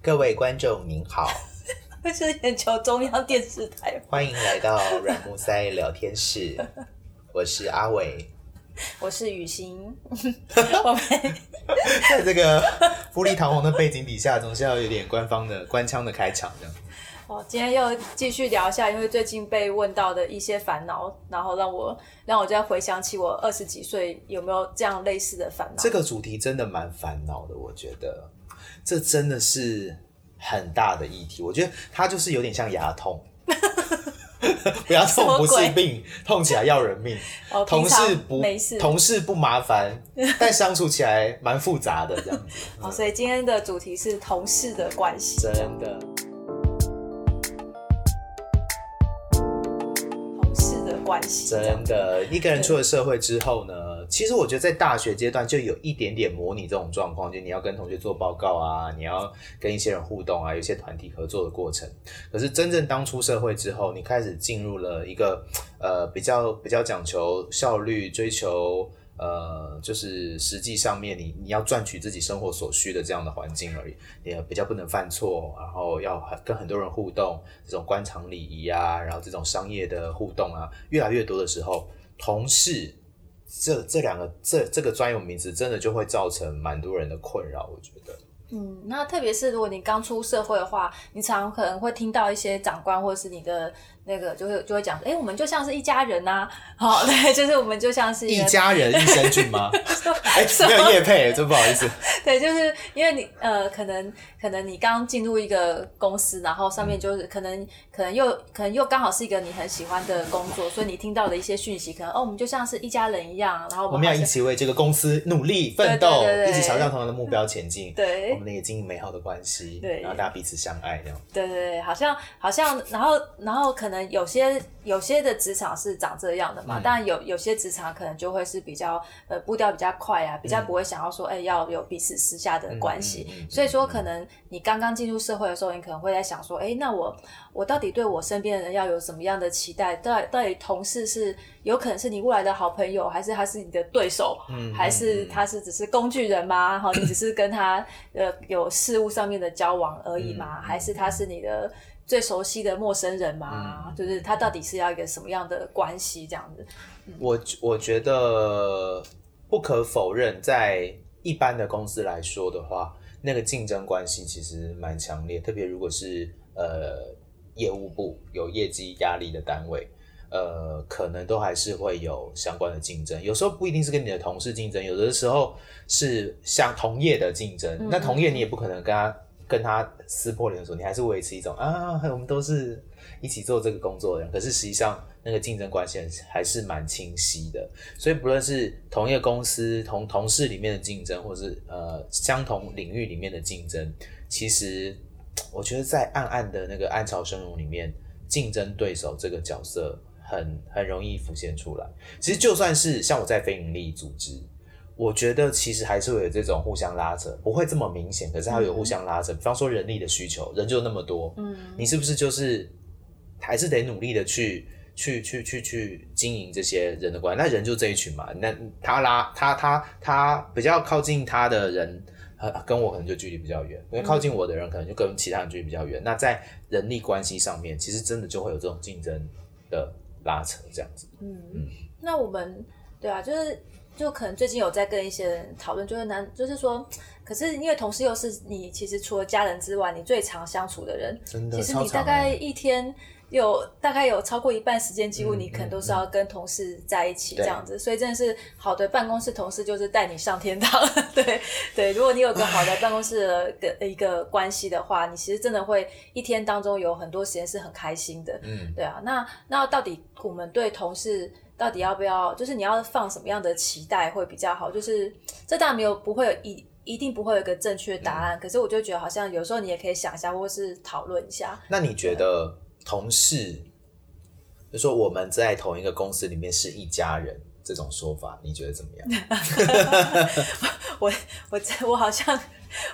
各位觀眾您好，我 是眼球中央電視台。歡迎來到軟木塞聊天室，我是阿偉，我是宇欣。我 們 在這個富麗堂皇的背景底下，總是要有點官方的 官腔的開場這樣，哦，今天又繼續聊一下，因為最近被問到的一些煩惱，然後讓我讓我再回想起我二十幾歲有沒有這樣類似的煩惱。這個主題真的蠻煩惱的，我覺得。這真的是很大的議題，我覺得他就是有點像牙痛， 不要痛不是病，痛起來要人命。 哦、同事不沒事，同事不麻煩， 但相處起來蠻複雜的這樣子、 哦。所以今天的主題是同事的關係，真的，同事的關係，真的，一個人出了社會之後呢？其實我覺得在大學階段就有一點點模擬這種狀況，就是，你要跟同學做報告啊，你要跟一些人互動啊，有一些團體合作的過程。可是真正當出社會之後，你開始進入了一個呃比較比較講求效率、追求呃就是實際上面你你要賺取自己生活所需的這樣的環境而已。也比較不能犯錯，然後要跟很多人互動，這種官場禮儀啊，然後這種商業的互動啊，越來越多的時候，同事。這這兩個這這個專有名詞，真的就會造成蠻多人的困擾，我覺得。嗯，那特別是如果你剛出社會的話，你常常可能會聽到一些長官或者是你的。那個就會就會講，哎、欸，我們就像是一家人吶、啊，好、喔，對，就是我們就像是一,一家人益 生菌嗎？ 欸、沒有業配，真不好意思。對，就是因為你呃，可能可能你剛進入一個公司，然後上面就是可能、嗯、可能又可能又剛好是一個你很喜歡的工作，所以你聽到的一些訊息，可能哦、喔，我們就像是一家人一樣，然後我們，我們要一起為這個公司努力奮鬥，一起朝向同樣的目標前進。對，我們那個經營美好的關係，對，然後大家彼此相愛，這樣。對對，對，好像好像，然後然後可能。有些有些的職場是長這樣的嘛，Right. 但有有些職場可能就會是比較呃步調比較快啊，比較不會想要說哎、mm. 欸、要有彼此私下的關係，mm -hmm. 所以說可能你剛剛進入社會的時候，你可能會在想說哎、欸，那我我到底對我身邊的人要有什麼樣的期待？到底，到底同事是有可能是你未來的好朋友，還是他是你的對手，mm -hmm. 還是他是只是工具人嗎？哈， 你只是跟他呃有事物上面的交往而已嗎？Mm -hmm. 還是他是你的？最熟悉的陌生人嘛，嗯、就是他到底是要一個什麼樣的關係這樣子？嗯、我我覺得不可否認，在一般的公司來說的話，那個競爭關係其實蠻強烈，特別如果是呃業務部有業績壓力的單位，呃，可能都還是會有相關的競爭。有時候不一定是跟你的同事競爭，有的時候是相同業的競爭嗯嗯。那同業你也不可能跟他。跟他撕破臉的時候，你還是維持一種啊，我們都是一起做這個工作的人。可是實際上，那個競爭關係還是蠻清晰的。所以，不論是同一個公司同同事裡面的競爭，或者是呃相同領域裡面的競爭，其實我覺得在暗暗的那個暗潮洶湧裡面，競爭對手這個角色很很容易浮現出來。其實就算是像我在非營利組織。我覺得其實還是會有這種互相拉扯，不會這麼明顯，可是還會有互相拉扯，嗯。比方說人力的需求，人就那麼多，嗯，你是不是就是還是得努力的去去去去去經營這些人的關係？那人就這一群嘛，那他拉他他他，他比較靠近他的人，呃、跟我可能就距離比較遠，嗯，因為靠近我的人可能就跟其他人距離比較遠。那在人力關係上面，其實真的就會有這種競爭的拉扯，這樣子。嗯，嗯那我們對啊，就是。就可能最近有在跟一些人討論，就是難，就是說，可是因為同事又是你，其實除了家人之外，你最常相處的人，真的，其實你大概一天有、欸、大概有超過一半時間，幾乎你可能都是要跟同事在一起、嗯、這樣子、嗯嗯，所以真的是好的辦公室同事就是帶你上天堂，對 對，對，如果你有個好的辦公室的一個關係的話， 你其實真的會一天當中有很多時間是很開心的，嗯，對啊，那那到底我們對同事？到底要不要？就是你要放什麼樣的期待會比較好？就是這當然沒有不會有一一定不會有一個正確答案、嗯，可是我就覺得好像有時候你也可以想一下，或是討論一下。那你覺得同事就是、說我們在同一個公司裡面是一家人，這種說法你覺得怎麼樣？ 我我我，我好像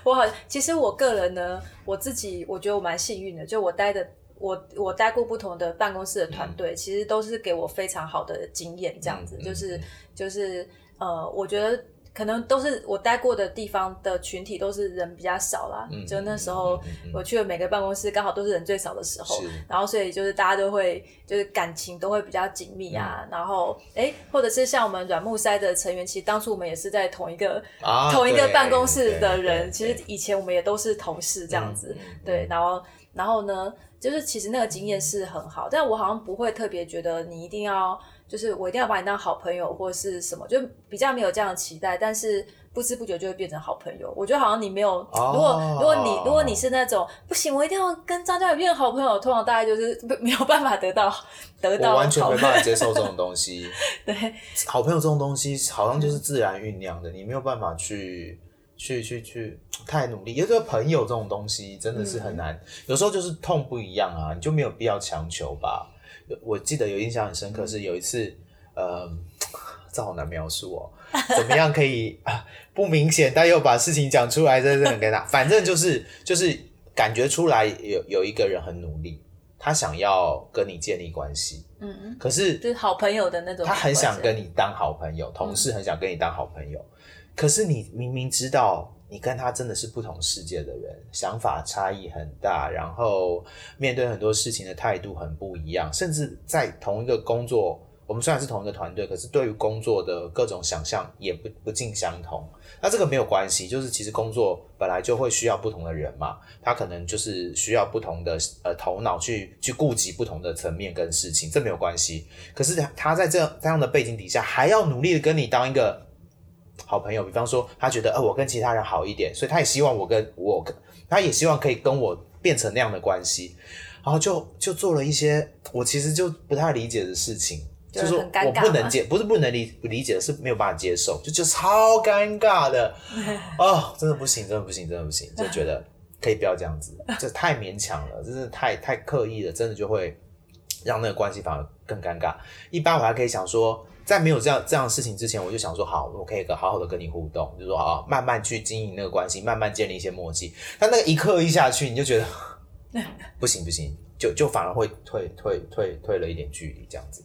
我好，其實我個人呢，我自己我覺得我蠻幸運的，就我待的。我我待過不同的辦公室的團隊、嗯，其實都是給我非常好的經驗。這樣子、嗯嗯、就是就是呃，我覺得可能都是我待過的地方的群體都是人比較少啦。嗯、就那時候我去了每個辦公室，剛好都是人最少的時候。然後所以就是大家都會就是感情都會比較緊密啊。嗯、然後哎、欸，或者是像我們軟木塞的成員，其實當初我們也是在同一個、啊、同一個辦公室的人。其實以前我們也都是同事這樣子。嗯、對，然後然後呢？就是其實那個經驗是很好，但我好像不會特別覺得你一定要，就是我一定要把你當好朋友或是什麼，就比較沒有這樣的期待。但是不知不覺就會變成好朋友，我覺得好像你沒有。哦、如果如果你如果你是那種不行，我一定要跟張家有變好朋友，通常大概就是沒有辦法得到得到好朋友。我完全沒辦法接受這種東西。 對，好朋友這種東西好像就是自然醞釀的，你沒有辦法去。去去去，太努力。也就是朋友這種東西，真的是很難。嗯、有時候就是痛不一樣啊，你就沒有必要強求吧。我記得有印象很深刻，是有一次，呃、嗯嗯，這好難描述哦，怎麼樣可以、 啊、不明顯，但又把事情講出來？這很跟他，反正就是就是感覺出來有，有有一個人很努力，他想要跟你建立關係。嗯嗯。可是，就是好朋友的那種，他很想跟你當好朋友，同事很想跟你當好朋友。嗯可是你明明知道，你跟他真的是不同世界的人，想法差異很大，然後面對很多事情的態度很不一樣，甚至在同一個工作，我們雖然是同一個團隊，可是對於工作的各種想象也不不盡相同。那這個沒有關係，就是其實工作本來就會需要不同的人嘛，他可能就是需要不同的呃頭腦去去顧及不同的層面跟事情，這沒有關係。可是他在這這樣的背景底下，還要努力的跟你當一個。好朋友，比方說他覺得，呃，我跟其他人好一點，所以他也希望我跟我，他也希望可以跟我變成那樣的關係，然後就就做了一些我其實就不太理解的事情，就是我不能接，不是不能理理解，是沒有辦法接受，就就超尷尬的，哦，真的不行，真的不行，真的不行，就覺得可以不要這樣子，這太勉強了，真的太太刻意了，真的就會讓那個關係反而更尷尬。一般我還可以想說。在沒有這樣這樣的事情之前，我就想說好，我可以個好好的跟你互動，就說啊，慢慢去經營那個關係，慢慢建立一些默契。但那個一刻意下去，你就覺得不行不行，就就反而會退退退退了一點距離這樣子。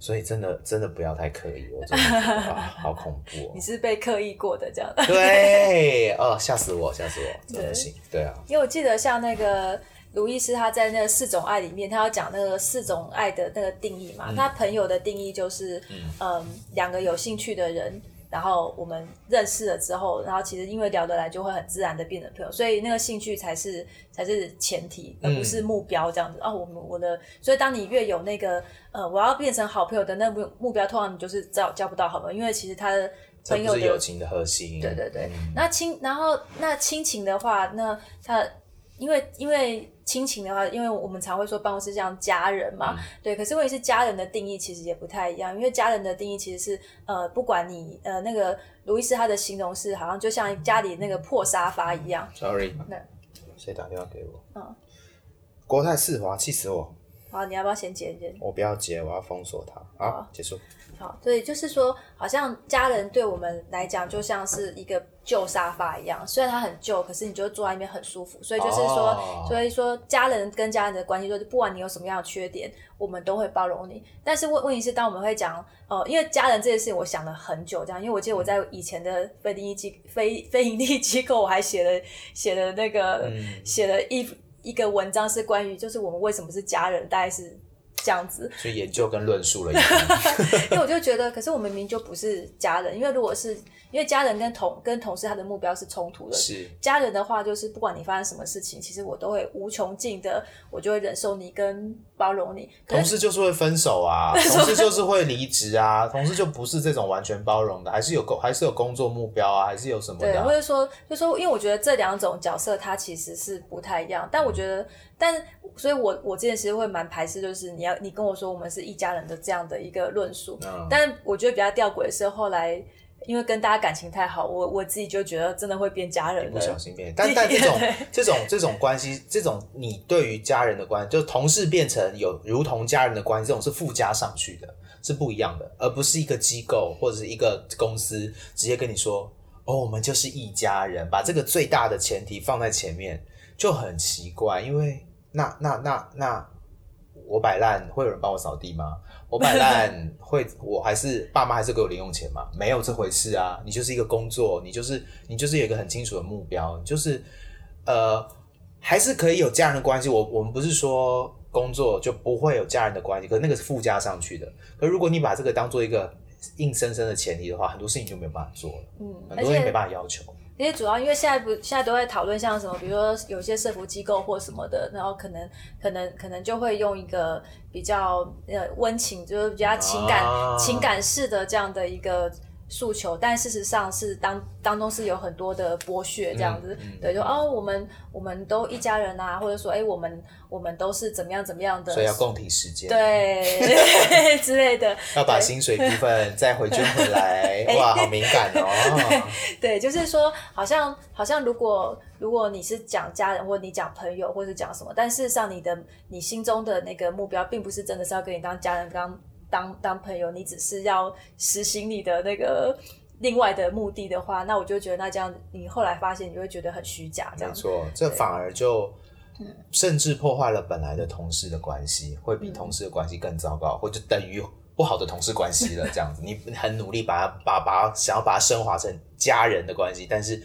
所以真的真的不要太刻意哦，我真的好恐怖哦。你是被刻意過的這樣？ 對，哦，嚇死我，嚇死我，真的行，對啊。因為我記得像那個。盧易斯他在那個四種愛裡面，他要講那個四種愛的那個定義嘛？嗯、他朋友的定義就是，嗯，兩、呃、個有興趣的人，然後我們認識了之後，然後其實因為聊得來，就會很自然的變成朋友，所以那個興趣才是才是前提，而不是目標這樣子、嗯、啊。我們我的，所以當你越有那個呃，我要變成好朋友的那目目標，通常你就是交交不到好朋友，因為其實他的朋友的友情的核心，對對對。嗯、那親，然後那親情的話，那他。因為因為親情的話，因為我們常會說辦公室像家人嘛、嗯，對。可是問題是家人的定義其實也不太一樣，因為家人的定義其實是呃，不管你呃那個路易斯他的形容是好像就像家裡那個破沙發一樣。Sorry。對。誰打電話給我？嗯、哦。國泰世華，氣死我。好，你要不要先解一解？我不要解，我要封鎖他。好。好，結束。好，所以就是說，好像家人對我們來講，就像是一個舊沙發一樣，雖然它很舊，可是你就坐在那邊很舒服。所以就是說，oh. 所以說家人跟家人的關係，就是不管你有什麼樣的缺點，我們都會包容你。但是問問題是，當我們會講，哦、呃，因為家人這件事情，我想了很久，這樣，因為我記得我在以前的非營利機非非營利機構，我還寫了寫了那個、嗯、寫了一一個文章，是關於就是我們為什麼是家人，大概是。這樣子，所以研究跟論述了， 因為我就覺得，可是我明明就不是家人，因為如果是，因為家人跟同跟同事他的目標是衝突的，是家人的話，就是不管你發生什麼事情，其實我都會無窮盡的，我就會忍受你跟包容你。同事就是會分手啊， 同事就是會離職啊，同事就不是這種完全包容的，還是有工還是有工作目標啊，還是有什麼的、啊。我會說，就說，因為我覺得這兩種角色它其實是不太一樣，但我覺得。嗯但所以我，我我之前其實會蠻排斥，就是你要你跟我說我們是一家人的這樣的一個論述。嗯。但我覺得比較弔詭的是，後來因為跟大家感情太好，我我自己就覺得真的會變家人了。你不小心變。但但這種 這種這種，這種關係，這種你對於家人的關，就同事變成有如同家人的關係，這種是附加上去的，是不一樣的，而不是一個機構或者是一個公司直接跟你說，哦，我們就是一家人，把這個最大的前提放在前面。就很奇怪，因為那那那那，我擺爛會有人幫我掃地嗎？我擺爛 會，我還是爸媽還是給我零用錢嗎？沒有這回事啊！你就是一個工作，你就是你就是有一個很清楚的目標，就是呃，還是可以有家人的關係。我我們不是說工作就不會有家人的關係，可那個是附加上去的。可如果你把這個當做一個硬生生的前提的話，很多事情就沒有辦法做了，嗯，很多事情沒辦法要求。因為主要因為現在不，現在都在討論像什麼，比如說有些社服機構或什麼的，然後可能可能可能就會用一個比較呃溫情，就是比較情感、Oh. 情感式的這樣的一個。訴求，但事實上是當當中是有很多的剝削這樣子，嗯嗯、對，就哦、啊、我們我們都一家人啊，或者說哎我們我們都是怎麼樣怎麼樣的，所以要共體時艱，對 之類的，要把薪水部分再回捐回來， 哇， 好敏感哦，對，對就是說好像好像如果如果你是講家人，或者你講朋友，或者講什麼，但事實上你的你心中的那個目標，並不是真的是要跟你當家人剛。當當朋友，你只是要實行你的那個另外的目的的話，那我就覺得那這樣，你後來發現你會覺得很虛假這樣子。沒錯，這反而就甚至破壞了本來的同事的關係，會比同事的關係更糟糕，嗯、或者等於不好的同事關係了。這樣子， 你很努力把它把把想要把它升華成家人的關係，但是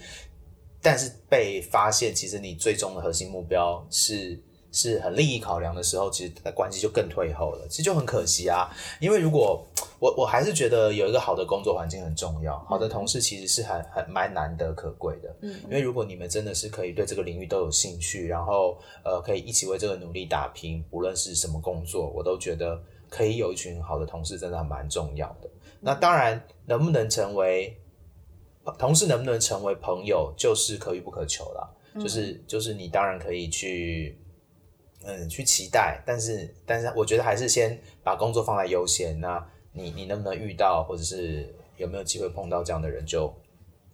但是被發現，其實你最終的核心目標是。是很利益考量的時候，其實的關係就更退後了。其實就很可惜啊，因為如果我我還是覺得有一個好的工作環境很重要，好的同事其實是很很蠻難得可貴的。嗯，因為如果你們真的是可以對這個領域都有興趣，然後呃可以一起為這個努力打拼，無論是什麼工作，我都覺得可以有一群好的同事，真的還蠻重要的。嗯、那當然，能不能成為同事，能不能成為朋友，就是可遇不可求了。就是、嗯、就是你當然可以去。嗯，去期待，但是但是，我覺得還是先把工作放在優先。那你你能不能遇到，或者是有沒有機會碰到這樣的人，就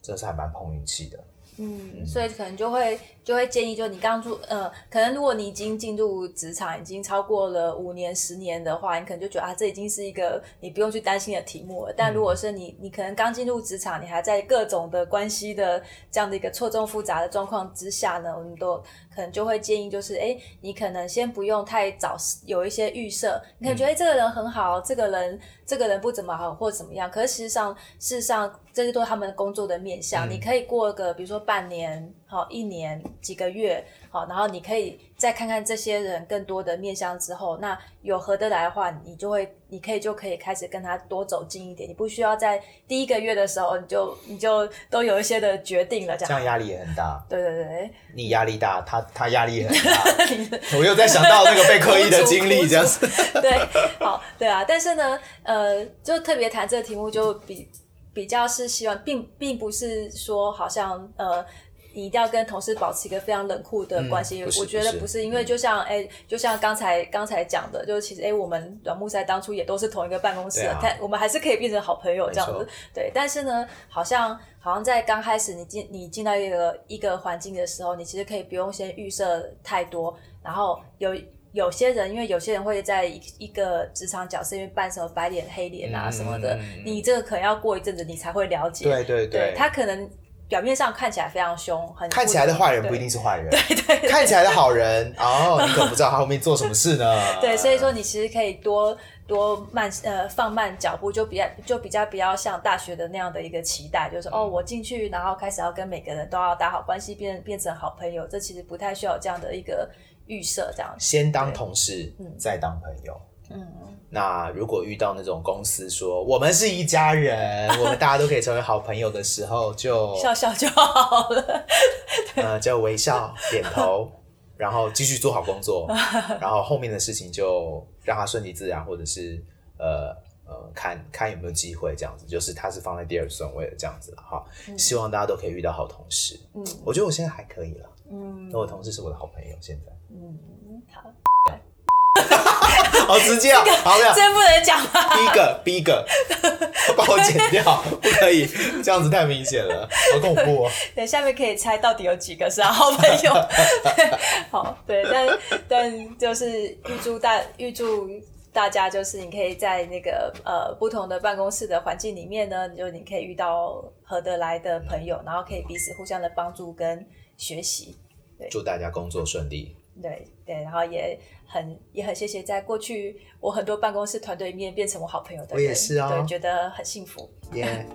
真的是還蠻碰運氣的。嗯，所以可能就會就會建議，就你剛入，嗯、呃，可能如果你已經進入職場，已經超過了五年、十年的話，你可能就覺得啊，這已經是一個你不用去擔心的題目了。但如果是你，你可能剛進入職場，你還在各種的關係的這樣的一個錯綜複雜的狀況之下呢，我們都可能就會建議，就是誒、欸，你可能先不用太早有一些預設，你感覺得、欸、這個人很好，這個人這個人不怎麼好，或者怎麼樣，可是事實上，事實上。這些都是他們工作的面向、嗯，你可以過個比如說半年，好一年幾個月，好，然後你可以再看看這些人更多的面向之後，那有合得來的話，你就會，你可以就可以開始跟他多走近一點，你不需要在第一個月的時候你就你就都有一些的決定了這樣。這樣壓力也很大。對對對，你壓力大，他他壓力也很大。 我又在想到那個被刻意的經歷 這樣子。對，好對啊，但是呢，呃，就特別談這個題目就比。 比較是希望，並並不是說好像呃，你一定要跟同事保持一個非常冷酷的關係、嗯。我覺得不是，不是因為就像哎、嗯欸，就像剛才剛才講的，就是其實哎、欸，我們軟木塞當初也都是同一個辦公室、啊，但我們還是可以變成好朋友這樣子。對，但是呢，好像好像在剛開始你進你進到一個一個環境的時候，你其實可以不用先預設太多，然後有。有些人因為有些人會在一一個職場角色因為扮什麼白臉黑臉啊什麼的、嗯，你這個可能要過一陣子你才會了解。對對對，對，他可能表面上看起來非常兇，看起來的壞人不一定是壞人，對對、對。看起來的好人 哦，你可不知道他後面做什麼事呢。 對，所以說你其實可以多多慢呃放慢腳步，就比較就比較比較像大學的那樣的一個期待，就是、嗯、哦我進去然後開始要跟每個人都要打好關係變變成好朋友，這其實不太需要這樣的一個。預設這樣，先當同事，再當朋友。嗯，那如果遇到那種公司說、嗯、我們是一家人， 我們大家都可以成為好朋友的時候，就笑笑就好了。呃，就微笑、點頭， 然後繼續做好工作， 然後後面的事情就讓他順其自然，或者是呃呃，看看有沒有機會這樣子，就是他是放在第二順位這樣子了哈、嗯。希望大家都可以遇到好同事。嗯，我覺得我現在還可以了。嗯，我同事是我的好朋友，現在。嗯，好， 好直接啊、 這個，好呀，真不能講。第一個，第一個，把 我剪掉，不可以， 這樣子太明顯了，好恐怖。對，下面可以猜到底有幾個是好朋友。 好，對，但但就是預祝大預祝大家，就是你可以在那個呃不同的辦公室的環境裡面呢，就你可以遇到合得來的朋友，然後可以彼此互相的幫助跟。學習，對，祝大家工作順利。對對，然後也很也很謝謝，在過去我很多辦公室團隊裡面變成我好朋友的，我也是哦。對，覺得很幸福。Yeah.